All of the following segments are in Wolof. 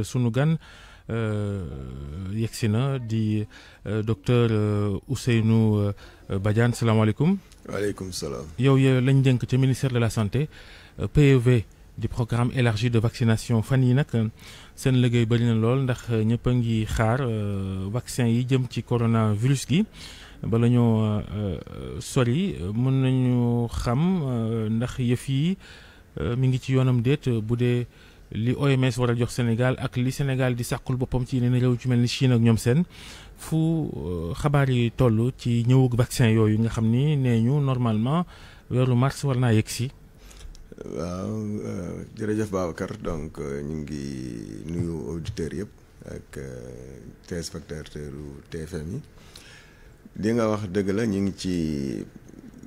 sunu gan euh, yegsi na di euh, docteur euh, Ousseynou Badiane salaamaaleykum. waaleykum salaam. yow lañ jënk ci ministère de la santé PEV di programme élargi de vaccination fan yi nag seen liggéey bëri na lool ndax ñëpp a ngi xaar vaccin yi jëm ci corona coronavirus gi bala ñoo sori mën nañu xam ndax yëf yi mu ngi ci yoonam déet bu dee. li OMS war a jox Sénégal ak li Sénégal di sàqul boppam ci yeneen réew ci mel ni Chine ak ñoom seen fu euh, xabaar yi toll ci ñëwug vaccin yooyu nga xam ni nee ñu normalement weeru mars war naa yegg si. waaw euh, jërëjëf Babacar donc euh, ñu ngi nuyu auditeurs yëpp ak téléspectateurs u TFM yi li nga wax dëgg la ñu ngi ci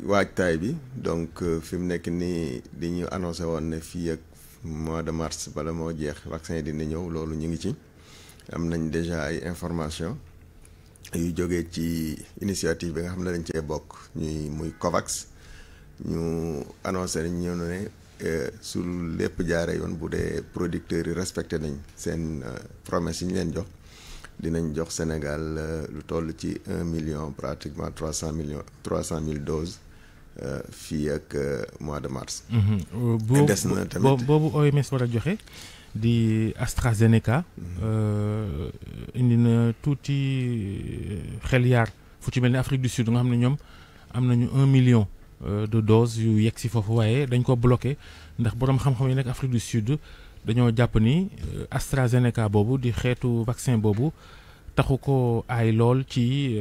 waajtaay bi donc fi mu nekk nii di ñu annoncé woon ne fii ak mois de mars bala moo jeex vaccin yi dina ñëw loolu ñu ngi ci am nañ déjà ay information yu jóge ci initiative bi nga xam ne dañ cee bokk ñuy muy COVAX ñu annoncé nañ ñëw ne euh, su lépp jaare yoon bu dee producteurs yi respecté nañ seen euh, promesse yi ñu leen jox dinañ jox Sénégal euh, lu toll ci un million pratiquement trois cent million trois cent mille doses Euh, fii ak euh, mois de mars. bu mhm. des euh, na tamit boobu OMS war a joxe di AstraZeneca. Mhm. indi na tuuti xel yar fu ci mel ni Afrique du Sud nga xam ne ñoom am nañu un million de dose yu yegg si foofu waaye dañ ko bloqué ndax boroom xam-xam yi nekk Afrique du Sud dañoo jàpp ni AstraZeneca boobu di xeetu vaccin boobu. taxu ko aay lool ci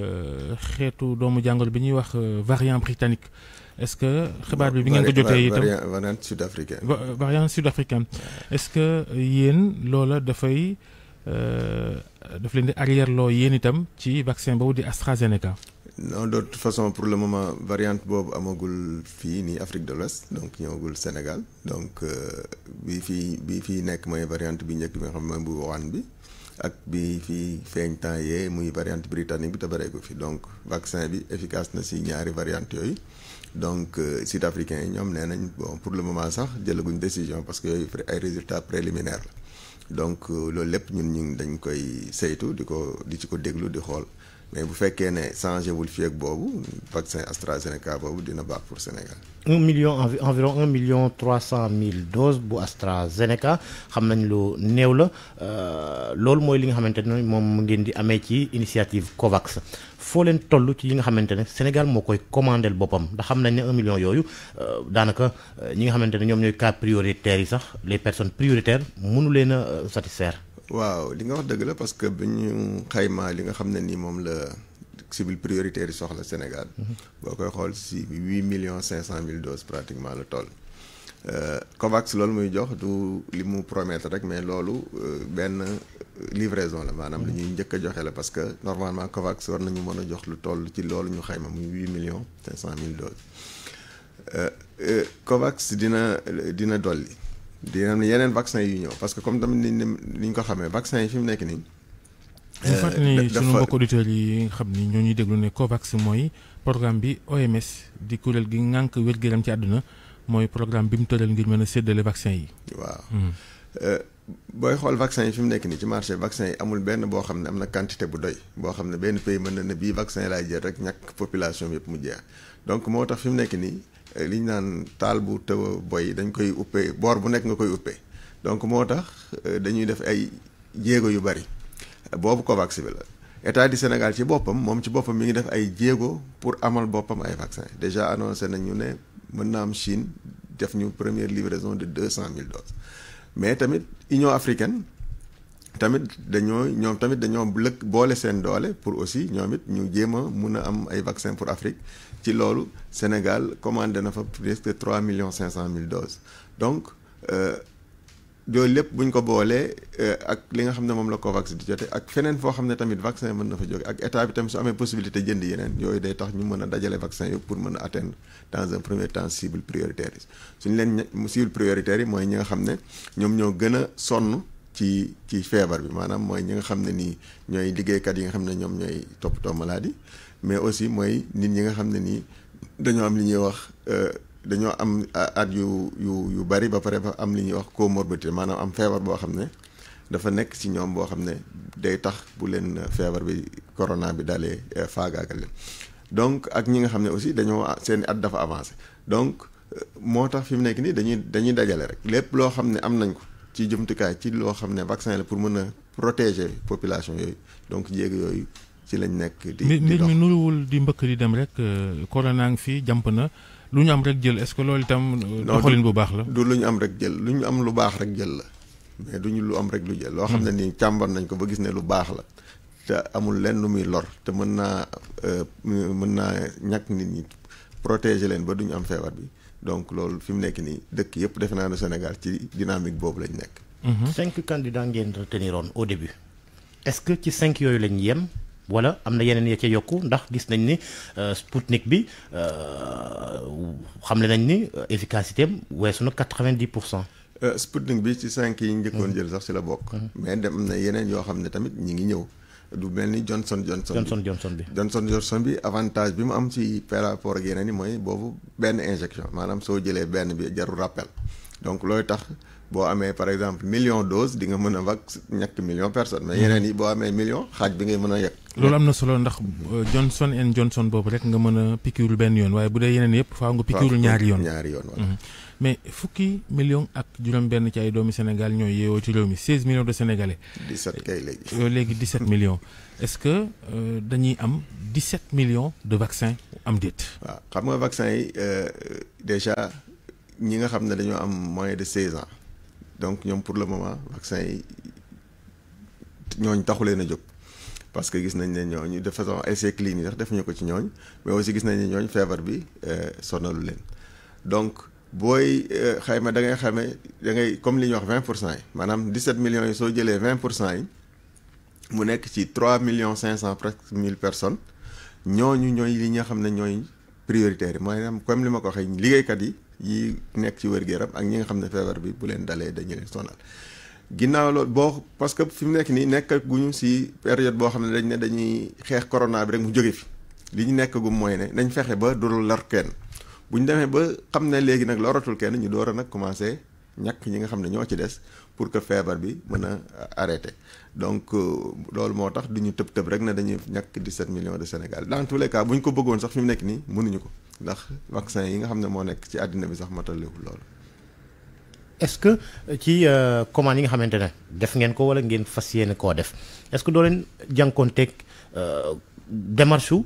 xeetu doomu jàngoro bi ñuy wax variant britannique est-ce que xibaar bi bi ngeen ko jotee itam variant sud africain variant sud africain est-ce que yéen loola dafay euh, daf leen di arrière loo yéen itam ci vaccin boobu di AstraZeneca non de toute façon pour le moment variante boobu amagul fii nii Afrique de l'Ouest donc ñëwagul Sénégal donc euh, bi fii bi fii nekk mooy variante bi njëkk bi nga xam ne mooy bu bi ak bi fi feeñ temps yee muy variante britannique bi te bareegu fi donc vaccin bi efficace na si ñaari variante yooyu donc euh, sud africain yi ñoom nee nañ bon pour le moment sax jëlaguñ décision parce que yooyu ay résultats préliminaires la donc euh, loolu lépp ñun ñu dañ koy saytu di ko di ci ko déglu di xool mais bu fekkee ne changé wul fii boobu vaccin AstraZeneca boobu dina baax pour Sénégal. un million million trois cent mille doses bu AstraZeneca xam nañ lu néew la euh, loolu mooy li nga xamante ne moom mu ngeen di amee ci initiative COVAX foo leen tollu ci yi nga xamante ne Sénégal moo koy commandel boppam ndax xam nañ ne un million yooyu euh, daanaka euh, ñi nga xamante ne ñoom ñooy cas prioritaires yi sax les personnes prioritaires munu leen a waaw li nga wax dëgg la parce que bi ñu xayma li nga xam ne nii moom la cible prioritaire yi soxla Sénégal. Mhm. boo koy xool si huit million cinq cent mille doses pratiquement la toll. Euh, COVAX loolu muy jox du li mu promettre rek mais loolu euh, benn euh, livraison la maanaam mhm. li ñuy njëkk a joxe la parce que normalement COVAX war nañu mën a jox lu toll ci loolu ñu xayma muy huit millions cinq cent mille doses COVAX dina dina dolli. dina am yeneen vaccin yu ñëw parce que comme tamit ni ni ñu ko xamee vaccin yi fi mu nekk nii. Euh, dafa fàttali ni sunu mbokk auditeurs yi nga xam ni ñoo ñuy déglu ne COVAX mooy programme bi OMS di kuréel gi ŋànk wér gu ram ci àdduna mooy programme bi mu tëral ngir mën a séddale vaccin yi. waaw. Hmm. Euh, booy xool vaccin yi fi mu nekk nii ci marché vaccin yi amul benn boo xam ne am na quantité bu doy boo xam ne benn pays mën na ne bii vaccin laay jël rek ñàkk population yëpp mu jeex donc moo tax fi mu nekk nii. li ñu naan taal bu tëw a boy dañ koy uppee boor bu nekk nga koy uppee donc moo tax euh, dañuy def ay jéego yu bari boobu ko COVAX bi la état du Sénégal ci boppam moom ci boppam mi ngi def ay jéego pour amal boppam ay vaccin déjà annoncé nañu ne mën na am Chine def ñu première livraison de deux cent mille doses mais tamit Union africaine tamit dañoo ñoom dañoo lëkk boole seen doole pour aussi ñoom it ñu jéem a mun a am ay vaccin pour Afrique ci loolu Sénégal commandé na fa presque trois millions cinq cent mille doses donc loolu euh, lépp buñ ko boolee euh, ak li nga xam ne moom la ko COVAX di jote ak feneen foo xam ne tamit vaccin mën na fa jóge ak état bi tamit su amee possibilité jënd yeneen yooyu day tax ñu mën a dajale vaccin yëpp pour mën a atteindre dans un premier temps cible prioritaire yi suñ leen cible prioritaire yi mooy ñi nga xam ne ñoom ñoo gën a sonn ci ci feebar bi maanaam mooy ñi nga xam ne nii ñooy liggéeykat yi nga xam ne ñoom ñooy toppatoo maladie mais aussi mooy nit ñi nga xam ne nii dañoo am li ñuy wax euh, dañoo am at yu yu yu bari ba pare ba am li ñuy wax comorbidité maanaam am feebar boo xam ne dafa nekk ci ñoom boo xam ne day tax bu leen feebar bi corona bi dalee euh, faagaagal leen donc ak ñi nga xam ne aussi dañoo seen at dafa avancé donc euh, moo tax fi mu nekk nii dañuy dañuy dajale rek lépp loo xam ne am nañ ko. ci jumtukaay ci loo xam ne vaccin la pour mën a protéger population yooyu donc jéeg yooyu ci lañ nekk. di di mbir mi nuruwul di mbëkk di dem rek euh, corona ngi fii jàmp na lu ñu am rek jël est-ce que itam. Euh, doxalin bu baax la du lu ñu am rek jël lu am lu baax rek jël la. mais du ñu lu am rek lu jël. loo xam ne hmm. nii càmbar nañ ko ba gis ne lu baax la. te amul lenn lu muy lor te mën naa euh, mën naa ñàkk nit ñi protéger leen ba du ñu am feebar bi. donc loolu fi mu nekk nii dëkk yëpp defe naa ne Sénégal ci dynamique boobu lañ nekk. Mm-hmm. cinq candidats ngeen retenir oon au début est-ce que ci cinq yooyu lañ yem wala am na yeneen ya ca yokku ndax gis nañ ni euh, Spoutnik bi euh, xam ne nañ ni euh, efficacité am su na quatre-vingt-dix pour cent. Spoutnik bi ci cinq yi njëkkoon mm-hmm. jël sax ci la bokk. Mm-hmm. mais dem na yeneen yoo xam ne tamit ñi ngi ñëw. du mel ni Johnson Johnson. Johnson Johnson bi Johnson Johnson bi avantage bi mu am si par rapport ak yeneen mooy boobu benn injection maanaam soo jëlee benn bi jarul rappel donc looy tax. boo amee par exemple million dose di nga mën a vax ñàkk million personne mais yeneen yi boo amee million xaaj bi ngay mën a yegg. loolu am na solo ndax euh, Johnson and Johnson boobu rek nga mën a piqûre benn yoon waaye bu dee yeneen yëpp faaw nga piqûre ñaari yoon mhm. mais fukki million ak juróom-benn ci ay doomi Sénégal ñooy yeewoo ci réew mi 16 millions de sénégalais. 17 léegi euh, léegi 17 millions est-ce que euh, dañuy am 17 millions de vaccins am déet. waaw xam nga vaccin yi déjà ñi nga xam ne dañoo am moins de 16 donc ñoom pour le moment vaccin yi ñooñ taxuleen a jóg parce que gis nañ ne ñooñu de façon essai clinique yi sax defuñu ko ci ñooñ mais aussi gis nañ ne ñooñ feebar bi euh, sonalu leen donc booy euh, xayma da ngay xamee da ngay comme li ñu wax vingt pour cent yi maanaam dix-sept millions yi soo jëlee vingt pour cent yi mu nekk ci trois million cinq cent presque mille personnes ñooñu ñooy li nga xam ne ñooy prioritaire yi maanaam comme li ma ko waxee liggéeykat yi yi nekk ci wér gi yaram ak ñi nga xam ne feebar bi bu leen dalee dañu leen sonal ginnaaw loolu boo parce que fi mu nekk nii nekkaguñu si période boo xam ne dañ ne dañuy xeex corona bi rek mu jóge fi li ñu nekkagum mooy ne nañ fexe ba du lor kenn bu ñu demee ba xam ne léegi nag loratul kenn ñu door nag commencé ñàkk ñi nga xam ne ñoo ci des pour que feebar bi mën a arrêté donc euh, loolu moo tax du ñu tëb tëb rek ne dañuy ñàkk 17 millions de Sénégal dans tous les cas bu ñu ko bëggoon sax fi mu nekk nii mënuñu ko. ndax vaccin yi nga xam ne moo nekk ci àddina bi sax matalewul loolu. est-ce que ci euh, commande yi nga xamante ne def ngeen ko wala ngeen fas yéene koo def est-ce que doo leen jànkoonteeg euh, démarche su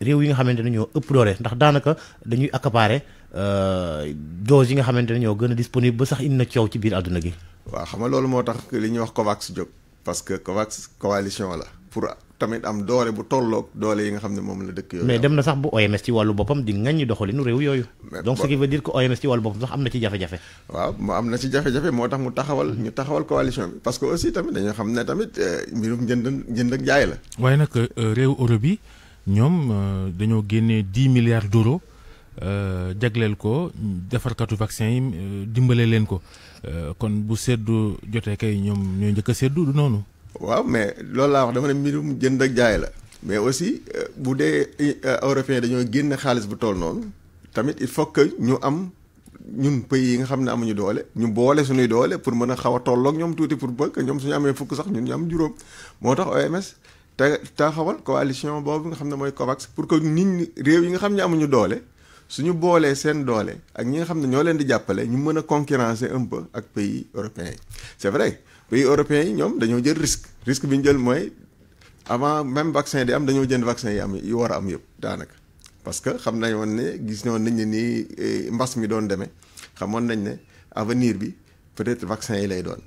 réew yi nga xamante ne ñoo ëpp doole ndax daanaka dañuy accaparer euh, dose yi nga xamante ne ñoo gën a disponible ba sax indi na coow ci biir àdduna gi. waaw xam nga loolu moo tax li ñuy wax ko COVAX jóg parce que COVAX coalition la pour tamit am doole bu tolloog doole yi nga xam ne moom la dëkk yooyu. mais dem na sax bu OMS ci wàllu boppam di ngañ ñu nu réew yooyu. donc ce qui veut dire que OMS ci wàllu boppam sax am na ci jafe-jafe. waaw mu am na ci jafe-jafe moo tax mu taxawal ñu taxawal coalition bi parce que aussi tamit dañoo xam ne tamit euh, mbirum jënd jënd ak jaay la. waaye nag euh, réew Europe yi ñoom euh, dañoo génnee dix milliards d'euros jagleel ko defarkatu vaccin yi dimbale leen ko kon bu seddu jotee kay ñoom ñooy njëkk a seddu du noonu. waaw mais loolu laa wax dama ne mbirum jënd ak jaay la. mais aussi euh, bu dee euh, européen dañoo génn xaalis bu tool noonu tamit il faut que ñu am ñun pays yi nga xam ne amuñu doole ñu boole suñuy doole pour mën a xaw a tolloog ñoom tuuti pour bëgg ñoom suñu amee fukk sax ñun ñu am juróom moo tax OMS te taxawal coalition boobu nga xam ne mooy COVAX pour que nit ñi réew yi nga xam ne amuñu doole suñu boolee seen doole ak ñi nga xam ne ñoo leen di jàppale ñu mën a concurrencer un ak pays européens yi c'est vrai pays européens yi ñoom dañoo jël risque risque bi ñu jël mooy avant même vaccin di am dañoo jënd vaccin yi am yu war a am yëpp daanaka parce que xam nañ woon ne gis ñoon nañ ne nii eh, mbas mi doon demee xamoon nañ ne avenir bi peut-être vaccin yi lay doon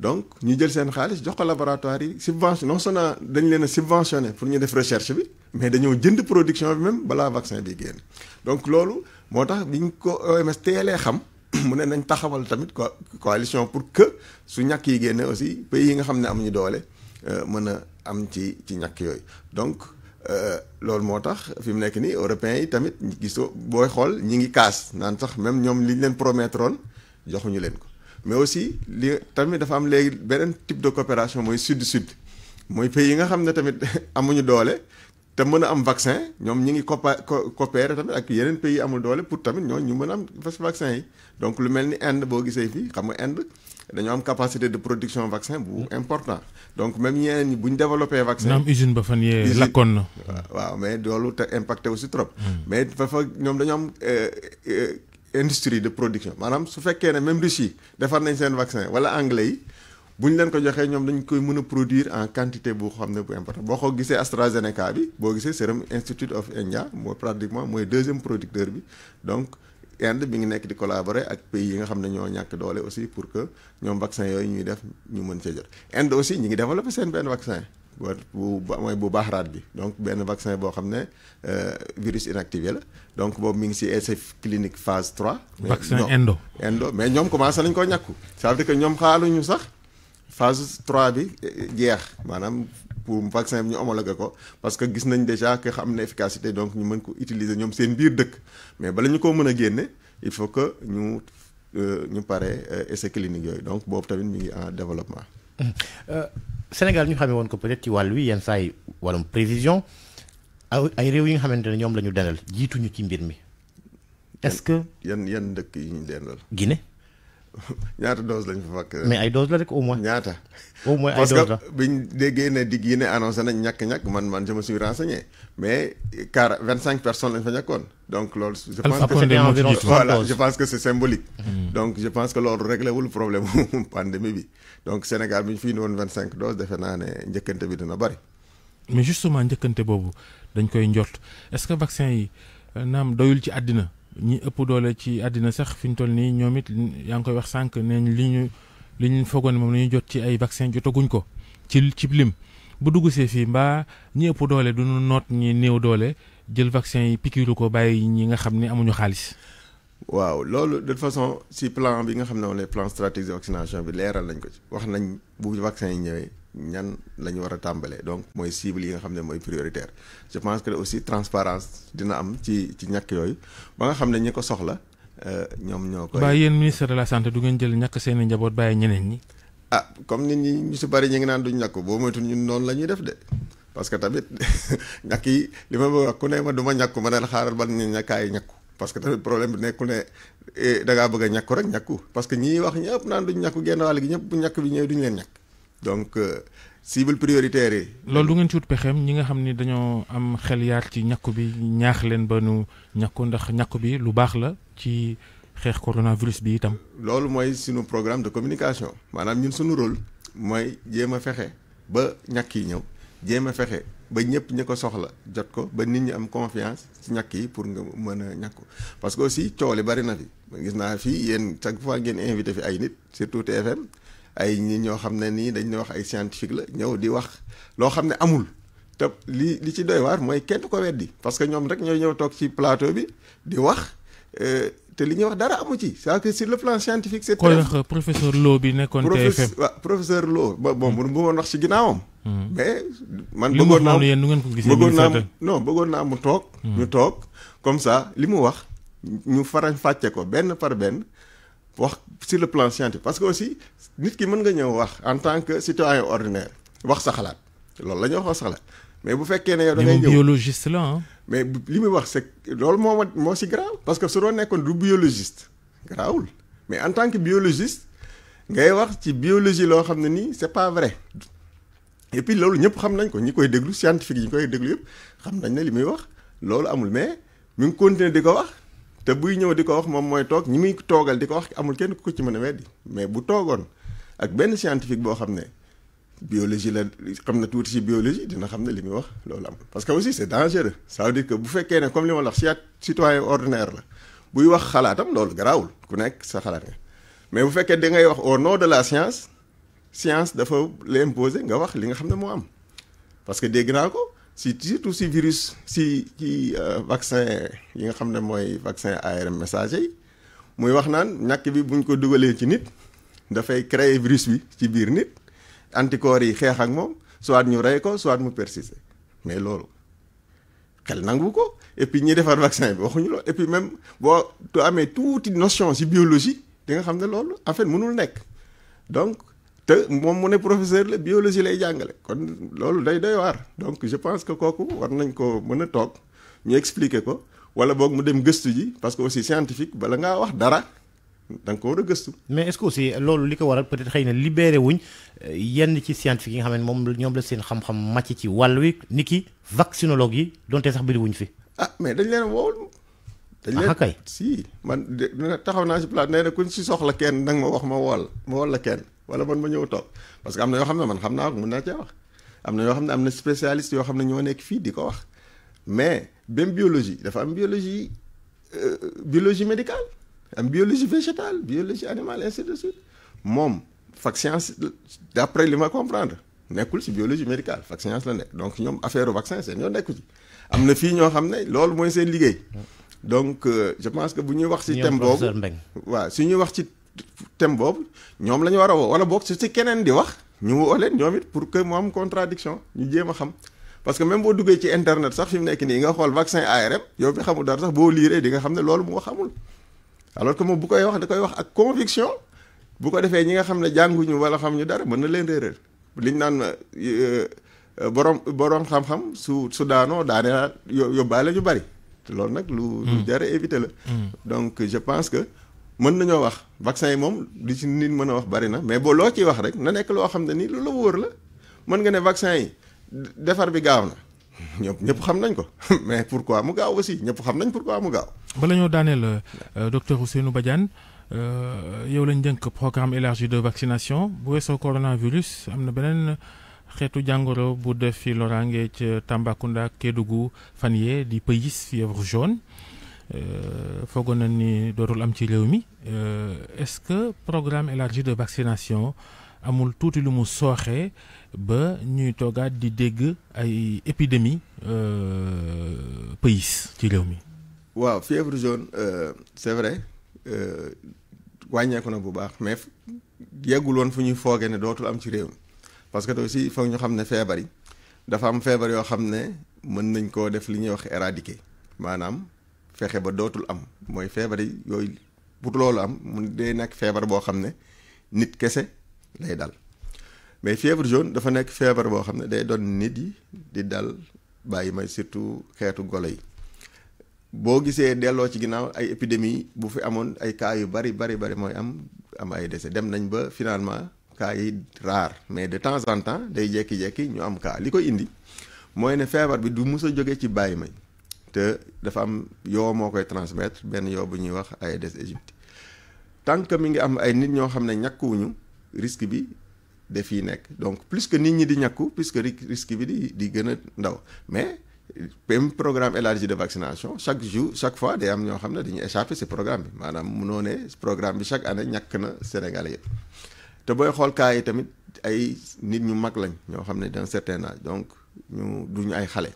donc ñu jël seen xaalis jox ko laboratoire yi subvention non seulement dañ leen a subventionné pour ñu def recherche bi mais dañoo jënd production bi même balaa vaccin bi génn donc loolu moo tax biñ ko OMS teelee xam mu ne nañ taxawal tamit co coalition pour que su ñàkk yi génne aussi pays yi nga xam ne amuñu doole euh, mën a am ci ci ñàkk yooyu donc euh, loolu moo tax fi mu nekk nii européens yi tamit gisoo booy xool ñi ngi kaas naan sax même ñoom liñ leen promettroon joxuñu leen ko mais aussi li tamit dafa am léegi beneen type de coopération mooy sud sud mooy pays yi nga xam ne tamit amuñu doole te mën a am vaccin ñoom ñu ngi copa coopéré tamit ak yeneen pays amul doole pour tamit ñoo ñu mën a am vaccin yi donc lu mel ni Inde boo gisee fii xam nga Inde dañoo am capacité de production vaccin bu important donc même ñeneen ñi bu ñu développé vaccin am usine ba fan yee lakkoon na waaw mais doolu te impacté aussi trop hmm. mais dafa ñoom dañoo am euh, euh, industrie de production maanaam su fekkee ne même Russie yi defar nañ seen vaccin wala anglais yi bu ñu leen ko joxee ñoom dañ koy mën a produire en quantité bu xam ne bu important boo ko gisee AstraZeneca bi boo gisee Serum Institute of India mooy pratiquement mooy deuxième producteur bi donc Inde mi ngi nekk di collaborer ak pays yi nga xam ne ñoo ñàkk doole aussi pour que ñoom vaccin yooyu ñuy def ñu mën cee jot Inde aussi ñi ngi développé seen benn vaccin bu mooy bu baax raat bi donc benn vaccin boo xam ne euh, virus inactivé la donc boobu mi ngi si essai clinique phase 3 vaccin indo indo mais ñoom commencé nañ koo ñàkku ça veut dire que ñoom sax phase trois bi eh, eh, jeex maanaam pour vaccin bi ñu homologué ko parce que gis nañ déjà que xam na efficacité donc ñu mën ko utiliser ñoom seen biir dëkk mais bala ñu ko mën a génne il faut que ñu euh, ñu pare euh, essai clinique yooyu donc boobu tamit mi ngi en développement. Euh, Sénégal ñu xamee woon ko peut-être ci wàllu yenn saa yi wàllum prévision ay réew yi nga xamante ne ñoom la ñu dendal jiituñu ci mbir mi. est-ce que yan yan dëkk yi ñu dendal gine ñaata dose lañ fa fàkk. mais ay dose la rek au moins. ñaata. au moins ay dose la parce que déggee ne digg ne annoncé nañ ñàkk-ñàkk man man je mais car vingt cinq personnes lañ fa loolu. je que c'est environ mm. voilà je pense que loolu réglé wul problème mu pandémie bi donc Sénégal woon vingt cinq doses defe naa ne njëkkante bi dina bari. mais justement njëkkante boobu dañ koy njort est-ce que vaccin yi euh, naam doyul ci àddina. ñi ëpp doole ci àddina sax fi ñu toll nii ñoom it yaa ngi koy wax sànq neñ li ñu li ñu foogoon moom la ñu jot ci ay vaccin jotaguñ ko ci ci lim bu dugg see fii mbaa ñi ëpp doole du ñu noot ñi néew doole jël vaccin yi pikiiru ko bàyyi ñi nga xam ni amuñu xaalis. waaw loolu de façon si plan bi nga xam ne moom les plans stratégiques bi leeral nañ ko ci wax nañ bu vaccin yi ñëwee. ñan la ñu war a tàmbalee donc mooy cible yi nga xam ne mooy prioritaire je pense que aussi transparence dina am ci ci ñàkk yooyu ba nga xam ne ñi ko soxla euh, ñoom ñoo koy. waaye yéen ministre de la santé du ngeen jël ñàkk seen njaboot ba ñeneen ñi. ah nit ñi si bari ñu ngi naan duñ ñàkk boo moytuwul ñun noonu la ñuy de parce que tamit ñàkk yi li ma bëgg wax ku ne ma du ma ñàkku ma que tamit problème bi nekkul ne eh, da ngaa bëgg a ñàkku rek ñàkku parce que ñii wax ñëpp naan duñ ñàkku genn wàll gi ñëpp bu ñàkk bi ñëwee leen ñàkk donc euh, cible prioritaire yi. loolu du ngeen ci wut pexeem ñi nga xam ni dañoo am xel yaar ci ñàkku bi ñaax leen ba nu ñàkku ndax ñàkku bi lu baax la ci xeex coronavirus bi itam. loolu mooy suñu programme de communication maanaam ñun sunu rôle mooy jéem a fexe ba ñàkk yi ñëw jéem a fexe ba ñëpp ñi ko soxla jot ko ba nit ñi am confiance ci ñàkk yi pour nga mën a ñàkku parce que aussi coow li bari na fi gis naa fi yéen chaque fois ngeen invité fi ay nit surtout TFM. ay ñi ñoo xam ne nii dañ ne wax ay scientifique la ñëw di wax loo xam ne amul te li li ci doy waar mooy kenn ko weddi parce que ñoom rek ñooy ñëw toog ci plateau bi di wax euh, te li ñuy wax dara amu ci c'est que le plan scientifique c'est koy wax professeur Lo bi nekkoon TFM waaw professeur Lo ba bon hmm. bu bëggoon wax ci ginnaawam hmm. mais man bëggoon naa yéen nu ngeen ko gisee bëggoon naa non bëggoon naa mu toog hmm. ñu toog comme ça li mu wax ñu farañ fàcce ko benn par benn wax sur le plan scientifique parce que aussi nit ki mën nga ñëw wax en tant que citoyen ordinaire wax sa xalaat loolu la ñuy wax wax sa xalaat mais bu fekkee ne yow da ngay ñëw biologiste la mais li muy wax c'est loolu moo moo si grave parce que su doon nekkoon du biologiste garaawul mais en tant que biologiste ngay wax ci biologie loo xam ne nii c'est pas vrai et loolu ñëpp xam nañ ko ñi koy déglu scientifique yi ñi koy déglu yëpp xam nañ ne li muy wax loolu amul mais mi ngi di ko wax te buy ñëw di ko wax moom mooy toog ñi muy toogal di ko wax amul kenn ku ko ci mën a weddi mais bu toogoon ak benn scientifique boo xam ne biologie la xam na tuuti si biologie dina xam ne li muy wax loolu am parce que aussi c'est dangereux ça veut dire que bu fekkee ne comme li ma la wax ci citoyen ordinaire la buy wax xalaatam loolu garaawul ku nekk sa xalaat nga mais bu fekkee da ngay wax au nom de la science science dafa la imposer nga wax li nga xam ne moo am si surtout si virus si ci euh, vaccin yi nga xam ne mooy vaccin ARN messager yi muy wax naan ñàkk bi buñ ko dugalee ci nit dafay créer virus bi ci biir nit anticorps yi xeex ak moom soit ñu rey ko soit mu persister mais loolu xel nangu ko et puis ñi defar vaccin bi waxuñu loolu et puis même boo tu amee tuuti notion si biologie di nga xam ne loolu en mënul nekk donc te moom mu ne professeur la biologie lay jàngale kon loolu day day waar donc je pense que kooku war nañ ko mën a toog ñu expliquer ko wala boog mu dem gëstu ji parce que aussi scientifique bala ngaa wax dara danga ko war a gëstu. mais est-ce aussi loolu li ko waral peut-être xëy na libéré wuñ euh, yenn ci scientifique yi nga xam ne moom ñoom la seen xam-xam màcc ci wàll wi ni ki vaccinologue yi donte sax biri wuñ fi. ah mais dañ leen woowul. dañ ah, leen kay si man taxaw naa si place nee na kuñ si soxla kenn nag ma wax ma wool ma wool la kenn. wala man ma ñëw toog parce que am na yoo xam ne man xam naa ko mun naa cee wax am na yoo xam ne am na spécialiste yoo xam ne ñoo nekk fii di ko wax mais même biologie dafa am biologie euh, biologie médicale am biologie végétale biologie animale ainsi de suite moom fac science li ma comprendre nekkul ci biologie médicale fac science la nekk donc ñoom affaire vaccin seen ñoo nekku ci am na fii ñoo xam ne loolu mooy seen liggéey donc euh, je pense que bu ñuy wax ci thème boobu waaw su wax ci thème boobu ñoom la ñu war a woo wala boog su si keneen di wax ñu woo leen ñoom it pour que mu contradiction ñu jéem a xam parce que même boo duggee ci internet sax fi mu nekk nii nga xool vaccin ARM yow bi xamul dara sax boo liiree di nga xam ne loolu moo xamul alors que moom bu koy wax da koy wax ak conviction bu ko defee ñi nga xam ne jànguñu wala xam ñu dara mën na leen réeral liñ naan euh, borom borom xam-xam su su daanoo daanee yóbbaale ñu bari te loolu nag. lu lu mm. jar éviter la. Mm. mën nañoo wax vaccin yi moom li ci nit mën a wax bari na mais boo loo ciy wax rek na nekk loo xam ne nii lu la wóor la mën nga ne vaccin yi defar bi gaaw na ñëpp ñëpp xam nañ ko mais pourquoi mu gaaw aussi ñëpp xam nañ pourquoi mu gaaw. bala ñoo daaneel euh, euh, docteur Ousseynou Badiane euh, yow lañ jënk programme élargi de vaccination bu weesoo coronavirus am na beneen xeetu jàngoro bu def fi loraange ca Tambacounda Kédougou fan yee di pays fièvre jaune. Euh, foogoon na ni dootul am ci réew mi euh, est-ce que programme élargi de vaccination amul tuuti lu mu sooxee ba ñuy toogaat di dégg ay épidémie euh, pays ci réew mi. waaw fièvre jaune c'est vrai wàññeeku na bu baax mais yeggul woon fu ñuy foogee ne dootul am ci réew mi parce que aussi foog ñu xam ne feebar yi dafa am feebar yoo xam ne mën nañ koo def li ñuy wax éradiquer maanaam. fexe ba dootul am mooy feebar yi yooyu pour loolu am mu day nekk feebar boo xam ne nit kese lay dal mais fièvre jaune dafa nekk feebar boo xam ne day doon nit yi di dal bàyyi may surtout xeetu golo yi boo gisee delloo ci ginnaaw ay épidémie bu fi amoon ay cas yu bari bari bari mooy am am ay décès dem nañ ba finalement cas yi rare mais de temps en temps day jekki-jekki ñu am cas li koy indi mooy ne feebar bi du mus jóge ci bàyyi may te dafa am yoo moo koy transmettre benn yoo bu ñuy wax Aedes aegypti tant que mi ngi am ay nit ñoo xam ne ñàkkuwuñu risque bi dafiy nekk donc plus que nit ñi di ñàkku plus que risque bi di di gën a ndaw mais même programme élargi de vaccination chaque jour chaque fois day am ñoo xam ne dañu échappé si programme bi maanaam munoo ne programme bi chaque année ñàkk na Sénégalais yëpp te booy xool kaa yi tamit ay nit ñu mag lañ ñoo xam ne d'un certain âge donc ñu duñu ay xale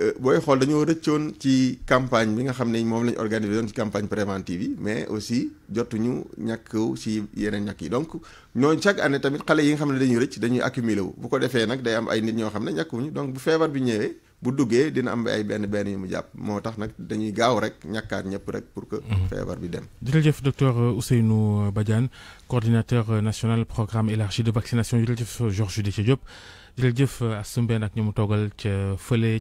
Euh, booy xool dañoo rëccoon ci campagne bi nga xam ne moom la ñu organisé woon ci campagne préventive yi mais aussi jotuñu ñàkk si yeneen ñàkk yi donc ñooñu chaque année tamit xale yi nga xam ne dañuy rëcc dañuy accumulé wu bu ko defee nag day am ay nit ñoo xam ne ñàkkuñu donc bu feebar bi ñëwee bu duggee dina am ay benn benn yu mu jàpp moo tax nag dañuy gaaw rek ñàkkaat ñëpp rek pour que mhm. feebar bi dem jërëjëf docteur Ousseynou Badiane coordinateur national programme élargi de vaccination jërëjëf Georges Déthié Diop jërëjëf Assou Mbène